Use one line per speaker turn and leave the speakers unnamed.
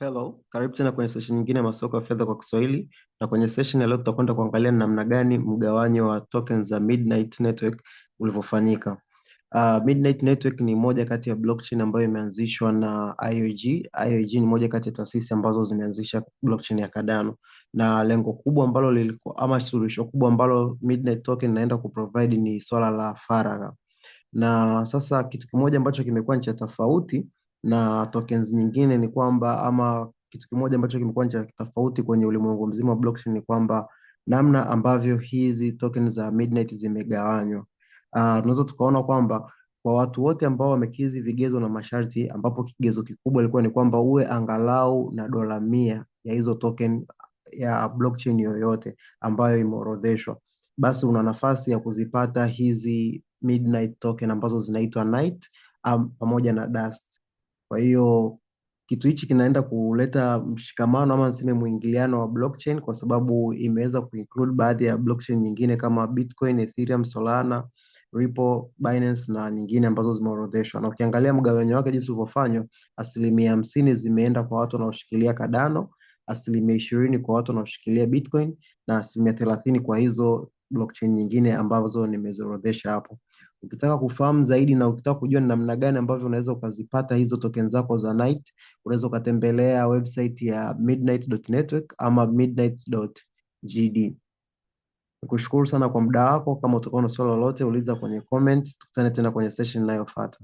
Hello, karibu tena kwenye session nyingine ya masoko ya fedha kwa Kiswahili, na kwenye session ya leo tutakwenda kuangalia namna gani mgawanyo wa tokens za Midnight Network ulivyofanyika. Uh, Midnight Network ni moja kati ya blockchain ambayo imeanzishwa na IOG. IOG ni moja kati ya taasisi ambazo zimeanzisha blockchain ya Cardano, na lengo kubwa ambalo lilikuwa ama suluhisho kubwa ambalo Midnight token inaenda kuprovide ni swala la faragha, na sasa kitu kimoja ambacho kimekuwa ni cha tofauti na tokens nyingine ni kwamba ama kitu kimoja ambacho kimekuwa cha tofauti kwenye ulimwengu mzima wa blockchain ni kwamba namna ambavyo hizi tokens za Midnight zimegawanywa. Uh, tunaweza tukaona kwamba kwa watu wote ambao wamekizi vigezo na masharti, ambapo kigezo kikubwa ilikuwa ni kwamba uwe angalau na dola mia ya hizo token ya blockchain yoyote ambayo imeorodheshwa, basi una nafasi ya kuzipata hizi Midnight token ambazo zinaitwa Night um, pamoja na Dust. Kwa hiyo kitu hichi kinaenda kuleta mshikamano ama niseme mwingiliano wa blockchain kwa sababu imeweza kuinclude baadhi ya blockchain nyingine kama Bitcoin, Ethereum, Solana, Ripple, Binance na nyingine ambazo zimeorodheshwa. Na ukiangalia mgawanyo wake jinsi ulivyofanywa, asilimia hamsini zimeenda kwa watu wanaoshikilia Cardano, asilimia ishirini kwa watu wanaoshikilia Bitcoin na asilimia thelathini kwa hizo blockchain nyingine ambazo nimeziorodhesha hapo. Ukitaka kufahamu zaidi na ukitaka kujua ni namna gani ambavyo unaweza ukazipata hizo token zako za Night, unaweza ukatembelea website ya midnight.network ama midnight.gd. Nikushukuru sana kwa muda wako. Kama utakuwa na swali lolote, uliza kwenye comment. Tukutane tena kwenye session inayofuata.